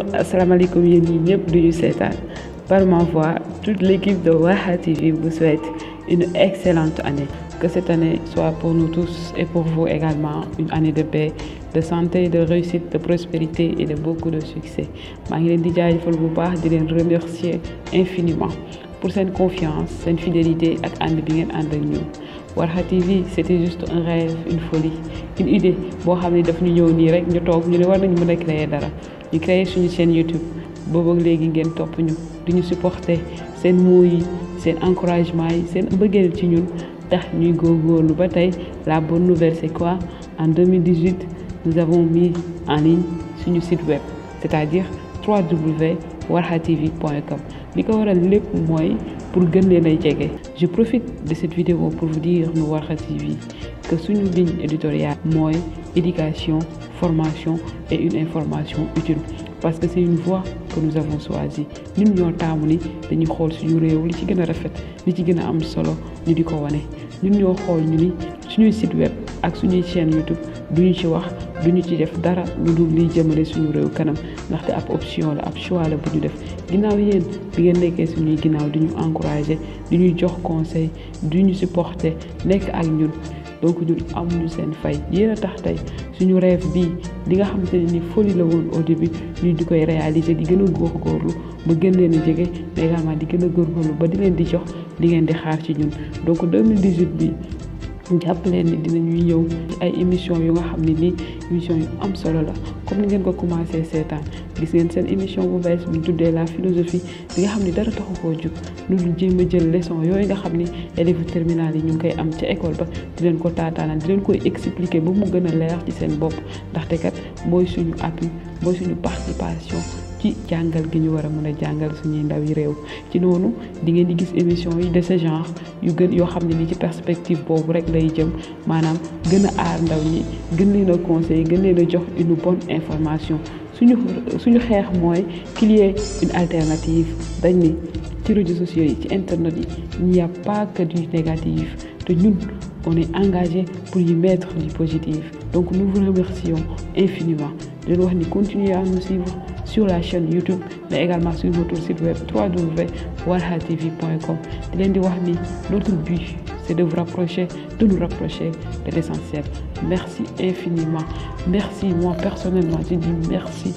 Assalamu alaikum, bien ñëpp duñu année, par ma voix toute l'équipe de Waha TV vous souhaite une excellente année que cette année soit pour nous tous et pour vous également une année de paix de santé de réussite de prospérité et de beaucoup de succès ma ngi leen di bu baax remercier infiniment pour cette confiance cette fidélité ak ànd bi ngeen ànd ak TV c'était juste un rêve une folie une idée Bon, xam ne daf ñu ñëw nii rek ñu toog ñu ne war nañu mën a dara ñu créer suñu chaîne YouTube Bon, ak léegi ngeen top, ñu di nous supporter c'est nous, c'est encouragement yi seen bëggeel ci ñun tax ñuy góorgóorlu ba la bonne nouvelle c'est quoi en 2018 nous avons mis en ligne suñu site web c'est-à-dire 3W Warha.tv.com. tv li ko waral lepp moy pour gën leen ay je profite de cette vidéo pour vous dire nous warxa tv que suñu ligne éditoriale moy éducation formation et une information utile parce que c'est une voie que nous avons choisie Nous ñoo taamu ni dañuy xol suñu réew li ci gëna rafet li ci gëna am solo ñu diko wané. ñun ñoo xol ñu ni suñuy site web ak suñu chaîne YouTube duñu ci wax duñu ci def dara lu dul suñu réew kanam option la choix la bu def ginnaaw yéen bi ngeen nekkee suñuy encourager conseil supporter nekk ak ñun donc ñun amuñu seen fay yéen a tax tey suñu rêve bii li nga ni folie la woon au début ñu di réaliser di gën a ba mais di gën ba di leen di 2018 jàpp leen ni dinañuy ñëw ay émission yu nga xam ne nii émission yu am solo la comme ni ngeen ko commencé seetaan gis ngeen seen émission bu bees bu tuddee la philosophie bi nga xam ne dara taxu koo jug lu dul jéem a jël leçon yooyu nga xam ni élèves terminale yi ñu ngi koy am ca école ba di leen ko taataanal di leen koy expliquer ba mu gën a leer ci seen bopp ndaxte kat mooy suñu appui mooy suñu participation ci jàngal gi ñu war a mën a jàngal suñuy ndaw yi réew ci noonu di ngeen di gis émission yi de ce genre yu gën yoo xam ne ni ci perspective boobu rek lay jëm maanaam gën a aar ndaw ñi gën leen a conseil gën leen a jox une bonne information suñu suñu xeex mooy qu'il une alternative dañ ni du réseaux sociaux internet il n'y a pas que du négatif de nous, on est engagé pour y mettre du positif donc nous vous remercions infiniment je vous continuer à nous suivre sur la chaîne YouTube mais également sur notre site web www.walhatv.com di TV.com' notre but c'est de vous rapprocher de nous rapprocher de l'essentiel merci infiniment merci moi personnellement je dis merci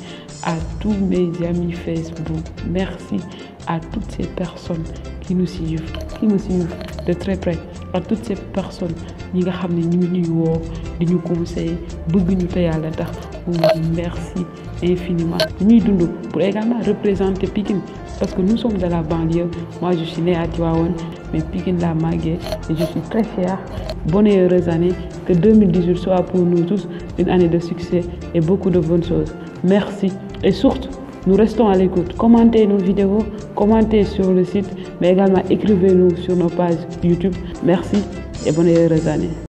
à tous mes amis Facebook merci à toutes ces personnes qui nous suivent qui nous suivent de très près à toutes ces personnes qui nous ont qui ñu nous di merci infiniment Nous, pour également représenter Pikine parce que nous sommes de la banlieue moi je suis né à Tivaouane mais Pikine l'a magué et je suis très fier. bonne et heureuse année que 2018 soit pour nous tous une année de succès et beaucoup de bonnes choses merci et surtout nous restons à l'écoute. Commentez nos vidéos, commentez sur le site, mais également écrivez-nous sur nos pages YouTube. Merci et bonne heureuse année.